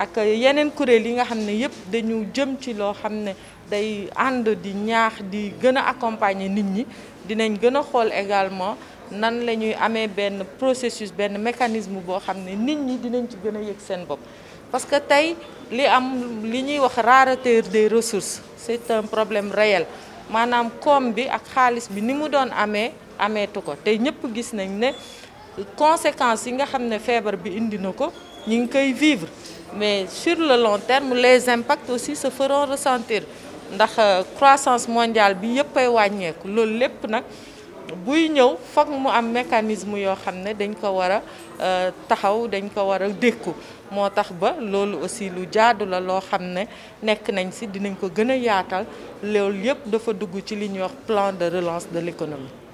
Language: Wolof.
ak yeneen kuréel yi nga xam yépp dañu jëm ci lo xam day ànd di ñaax di gëna accompagner nit ñi dinañ gëna xol également nan lañuy amé ben processus ben mécanisme bo xam nit ñi dinañ ci gëna a yëg seen bopp parce que tay li am li ñuy wax rareté des ressources c'est un problème réel manam koom bi ak xaalis bi ni mu doon amé amé tuko tay ñëpp gis nañ ne conséquences yi nga xamné fièvre bi indi nako ko ñu ngi koy vivre mais sur le long terme les impacts aussi se feront ressentir ndax euh, croissance mondiale bi yëpp ay lool lepp nak buy ñëw foog mu am mécanisme yo xamné dañ ko wara euh, taxaw dañ ko wara a motax ba loolu aussi lu jaadu la loo xam nek nañ ci dinañ ko gëna a yaatal loolu dafa dugg ci li ñu wax plan de relance de l'économie